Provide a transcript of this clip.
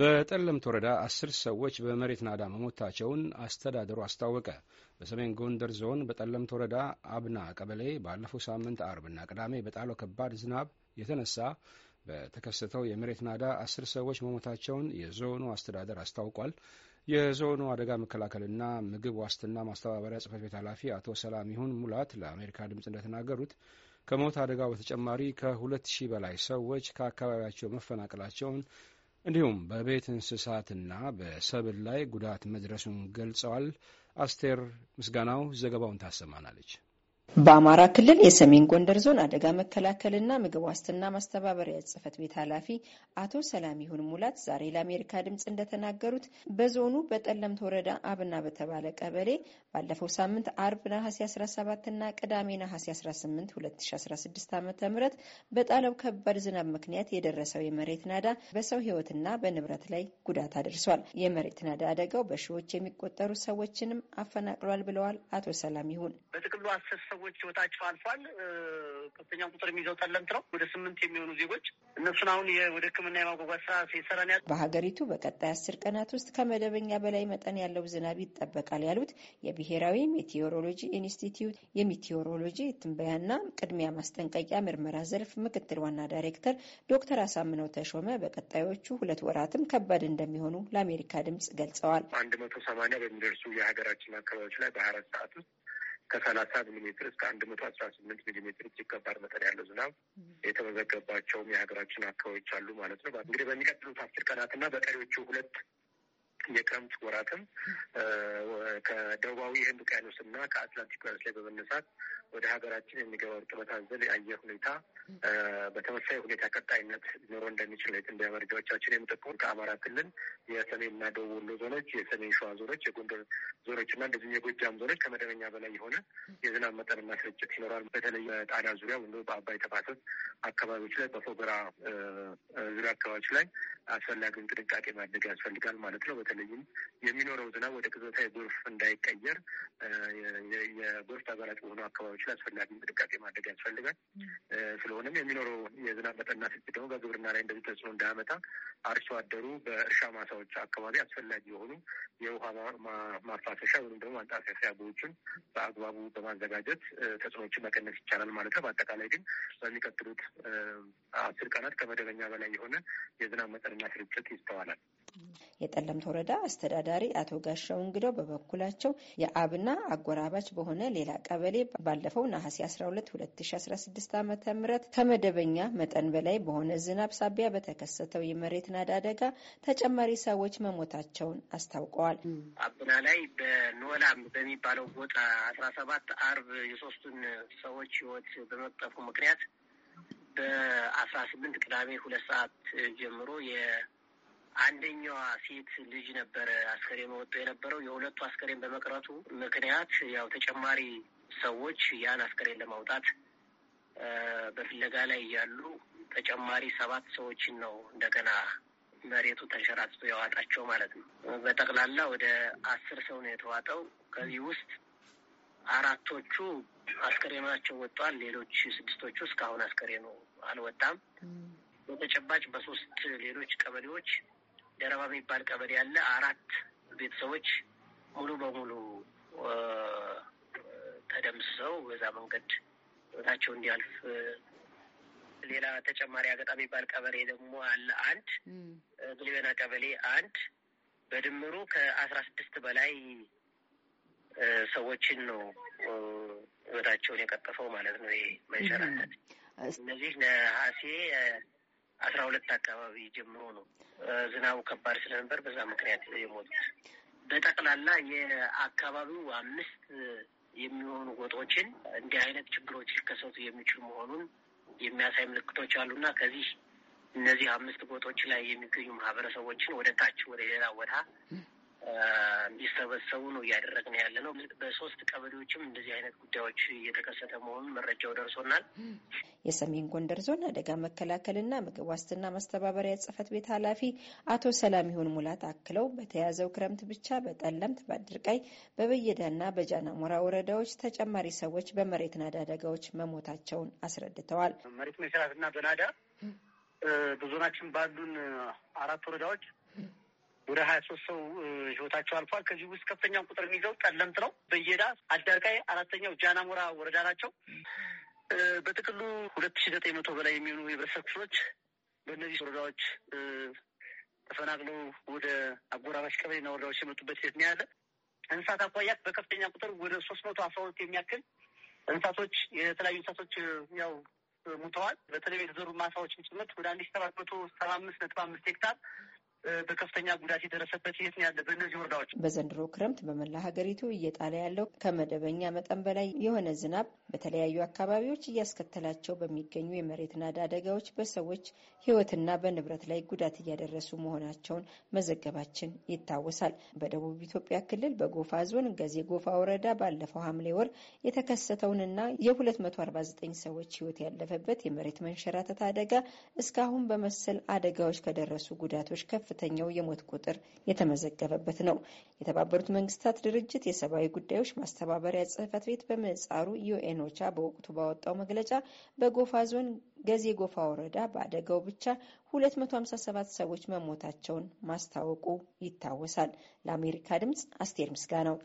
በጠለምት ወረዳ አስር ሰዎች በመሬት ናዳ መሞታቸውን አስተዳደሩ አስታወቀ። በሰሜን ጎንደር ዞን በጠለምት ወረዳ አብና ቀበሌ ባለፈው ሳምንት አርብና ቅዳሜ በጣለው ከባድ ዝናብ የተነሳ በተከሰተው የመሬት ናዳ አስር ሰዎች መሞታቸውን የዞኑ አስተዳደር አስታውቋል። የዞኑ አደጋ መከላከልና ምግብ ዋስትና ማስተባበሪያ ጽህፈት ቤት ኃላፊ አቶ ሰላም ይሁን ሙላት ለአሜሪካ ድምፅ እንደተናገሩት ከሞት አደጋው በተጨማሪ ከሁለት ሺህ በላይ ሰዎች ከአካባቢያቸው መፈናቀላቸውን እንዲሁም በቤት እንስሳትና በሰብል ላይ ጉዳት መድረሱን ገልጸዋል። አስቴር ምስጋናው ዘገባውን ታሰማናለች። በአማራ ክልል የሰሜን ጎንደር ዞን አደጋ መከላከልና ምግብ ዋስትና ማስተባበሪያ ጽፈት ቤት ኃላፊ አቶ ሰላሚሁን ሙላት ዛሬ ለአሜሪካ ድምፅ እንደተናገሩት በዞኑ በጠለምት ወረዳ አብና በተባለ ቀበሌ ባለፈው ሳምንት አርብ ነሐሴ 17 እና ቅዳሜ ነሐሴ 18 2016 ዓ ም በጣለው ከባድ ዝናብ ምክንያት የደረሰው የመሬት ናዳ በሰው ህይወትና በንብረት ላይ ጉዳት አድርሷል። የመሬት ናዳ አደጋው በሺዎች የሚቆጠሩ ሰዎችንም አፈናቅሏል ብለዋል አቶ ሰላሚሁን። ሰዎች ህይወታቸው አልፏል። ከፍተኛ ቁጥር የሚይዘው ተለምትረው ወደ ስምንት የሚሆኑ ዜጎች እነሱን አሁን ወደ ህክምና የማጓጓዝ ስራ ሲሰራን ያ በሀገሪቱ በቀጣይ አስር ቀናት ውስጥ ከመደበኛ በላይ መጠን ያለው ዝናብ ይጠበቃል ያሉት የብሔራዊ ሜቴዎሮሎጂ ኢንስቲትዩት የሚቴዎሮሎጂ ትንበያና ቅድሚያ ማስጠንቀቂያ ምርመራ ዘርፍ ምክትል ዋና ዳይሬክተር ዶክተር አሳምነው ተሾመ በቀጣዮቹ ሁለት ወራትም ከባድ እንደሚሆኑ ለአሜሪካ ድምጽ ገልጸዋል። አንድ መቶ ሰማኒያ በሚደርሱ የሀገራችን አካባቢዎች ላይ በአራት ሰዓት ውስጥ ከሰላሳ ሚሊሜትር እስከ አንድ መቶ አስራ ስምንት ሚሊሜትር እጅግ ከባድ መጠን ያለው ዝናብ የተመዘገባቸውም የሀገራችን አካባቢዎች አሉ ማለት ነው። እንግዲህ በሚቀጥሉት አስር ቀናትና በቀሪዎቹ ሁለት የክረምት ወራትም ከደቡባዊ ህንድ ውቅያኖስና ከአትላንቲክ ውቅያኖስ ላይ በመነሳት ወደ ሀገራችን የሚገባ እርጥበት አዘል የአየር ሁኔታ በተመሳሳይ ሁኔታ ቀጣይነት ሊኖረው እንደሚችል የትንበያ መረጃዎቻችን የሚጠቁሙት ከአማራ ክልል የሰሜንና ደቡብ ወሎ ዞኖች፣ የሰሜን ሸዋ ዞኖች፣ የጎንደር ዞኖች እና እንደዚህ የጎጃም ዞኖች ከመደበኛ በላይ የሆነ የዝናብ መጠንና ስርጭት ይኖራል። በተለይ በጣና ዙሪያ ወ በአባይ ተፋሰስ አካባቢዎች ላይ በፎገራ ዙሪያ አካባቢዎች ላይ አስፈላጊውን ጥንቃቄ ማድረግ ያስፈልጋል ማለት ነው። በተለይም የሚኖረው ዝናብ ወደ ቅጽበታዊ ጎርፍ እንዳይቀየር የጎርፍ ተጋላጭ በሆኑ አካባቢዎች ስለሚችል አስፈላጊ ጥንቃቄ ማድረግ ያስፈልጋል። ስለሆነም የሚኖረው የዝናብ መጠንና ስርጭት ደግሞ በግብርና ላይ እንደዚህ ተጽዕኖ እንዳያመጣ አርሶ አደሩ በእርሻ ማሳዎች አካባቢ አስፈላጊ የሆኑ የውሃ ማፋሰሻ ወይም ደግሞ ማንጣፊያ ቦዮችን በአግባቡ በማዘጋጀት ተጽዕኖችን መቀነስ ይቻላል ማለት ነው። በአጠቃላይ ግን በሚቀጥሉት አስር ቀናት ከመደበኛ በላይ የሆነ የዝናብ መጠንና ስርጭት ይስተዋላል። የጠለምት ወረዳ አስተዳዳሪ አቶ ጋሻው እንግደው በበኩላቸው የአብና አጎራባች በሆነ ሌላ ቀበሌ ባለፈው ነሐሴ 12 2016 ዓ ም ከመደበኛ መጠን በላይ በሆነ ዝናብ ሳቢያ በተከሰተው የመሬት ናዳደጋ አደጋ ተጨማሪ ሰዎች መሞታቸውን አስታውቀዋል። አብና ላይ በኖላም በሚባለው ቦታ አስራ ሰባት አርብ የሶስቱን ሰዎች ህይወት በመቅጠፉ ምክንያት በአስራ ስምንት ቅዳሜ ሁለት ሰዓት ጀምሮ አንደኛዋ ሴት ልጅ ነበረ አስከሬን ወጥቶ የነበረው። የሁለቱ አስከሬን በመቅረቱ ምክንያት ያው ተጨማሪ ሰዎች ያን አስከሬን ለማውጣት በፍለጋ ላይ ያሉ ተጨማሪ ሰባት ሰዎችን ነው እንደገና መሬቱ ተንሸራትቶ የዋጣቸው ማለት ነው። በጠቅላላ ወደ አስር ሰው ነው የተዋጠው። ከዚህ ውስጥ አራቶቹ አስከሬናቸው ወጥቷል። ሌሎች ስድስቶቹ እስካሁን አስከሬኑ አልወጣም። በተጨባጭ በሶስት ሌሎች ቀበሌዎች ደረባ የሚባል ቀበሌ ያለ አራት ቤተሰቦች ሙሉ በሙሉ ተደምስሰው በዛ መንገድ ህይወታቸው እንዲያልፍ ሌላ ተጨማሪ አገጣ የሚባል ቀበሌ ደግሞ አለ አንድ ብሊበና ቀበሌ አንድ በድምሩ ከአስራ ስድስት በላይ ሰዎችን ነው ህይወታቸውን የቀጠፈው ማለት ነው። ይሄ መንሸራተት እነዚህ ነሐሴ አስራ ሁለት አካባቢ ጀምሮ ነው። ዝናቡ ከባድ ስለነበር በዛ ምክንያት የሞቱት በጠቅላላ የአካባቢው አምስት የሚሆኑ ጎጦችን እንዲህ አይነት ችግሮች ሊከሰቱ የሚችሉ መሆኑን የሚያሳይ ምልክቶች አሉና ከዚህ እነዚህ አምስት ጎጦች ላይ የሚገኙ ማህበረሰቦችን ወደ ታች ወደ ሌላ ቦታ እንዲሰበሰቡ ነው እያደረግን ያለ ነው። በሶስት ቀበሌዎችም እንደዚህ አይነት ጉዳዮች እየተከሰተ መሆኑን መረጃው ደርሶናል። የሰሜን ጎንደር ዞን አደጋ መከላከልና ምግብ ዋስትና ማስተባበሪያ ጽህፈት ቤት ኃላፊ አቶ ሰላሚሆን ሙላት አክለው በተያዘው ክረምት ብቻ በጠለምት፣ በአድርቃይ፣ በበየዳና በጃናሞራ ወረዳዎች ተጨማሪ ሰዎች በመሬት ናዳ አደጋዎች መሞታቸውን አስረድተዋል። መሬት መሰራትና በናዳ በዞናችን ባሉን አራት ወረዳዎች ወደ ሀያ ሶስት ሰው ህይወታቸው አልፏል። ከዚህ ውስጥ ከፍተኛውን ቁጥር የሚይዘው ጠለምት ነው። በየዳ አዳርጋይ አራተኛው ጃናሞራ ወረዳ ናቸው። በጥቅሉ ሁለት ሺ ዘጠኝ መቶ በላይ የሚሆኑ የህብረተሰብ ክፍሎች በእነዚህ ወረዳዎች ተፈናቅለው ወደ አጎራባች ቀበሌና ወረዳዎች የመጡበት ሂደት ነው ያለ። እንስሳት አኳያት በከፍተኛ ቁጥር ወደ ሶስት መቶ አስራ ሁለት የሚያክል እንስሳቶች የተለያዩ እንስሳቶች ያው ሙተዋል። በተለይ የተዘሩ ማሳዎችን ጭምር ወደ አንድ ሺ ሰባት መቶ ሰባ አምስት ነጥብ አምስት ሄክታር በከፍተኛ ጉዳት የደረሰበት የት ያለ? በእነዚህ ወረዳዎች በዘንድሮ ክረምት በመላ ሀገሪቱ እየጣለ ያለው ከመደበኛ መጠን በላይ የሆነ ዝናብ በተለያዩ አካባቢዎች እያስከተላቸው በሚገኙ የመሬት ናዳ አደጋዎች በሰዎች ሕይወትና በንብረት ላይ ጉዳት እያደረሱ መሆናቸውን መዘገባችን ይታወሳል። በደቡብ ኢትዮጵያ ክልል በጎፋ ዞን ገዜ ጎፋ ወረዳ ባለፈው ሐምሌ ወር የተከሰተውንና የ249 ሰዎች ሕይወት ያለፈበት የመሬት መንሸራተት አደጋ እስካሁን በመሰል አደጋዎች ከደረሱ ጉዳቶች ከፍ ከፍተኛው የሞት ቁጥር የተመዘገበበት ነው። የተባበሩት መንግስታት ድርጅት የሰብአዊ ጉዳዮች ማስተባበሪያ ጽህፈት ቤት በምህጻሩ ኦቻ በወቅቱ ባወጣው መግለጫ በጎፋ ዞን ገዜ ጎፋ ወረዳ በአደጋው ብቻ 257 ሰዎች መሞታቸውን ማስታወቁ ይታወሳል። ለአሜሪካ ድምጽ አስቴር ነው።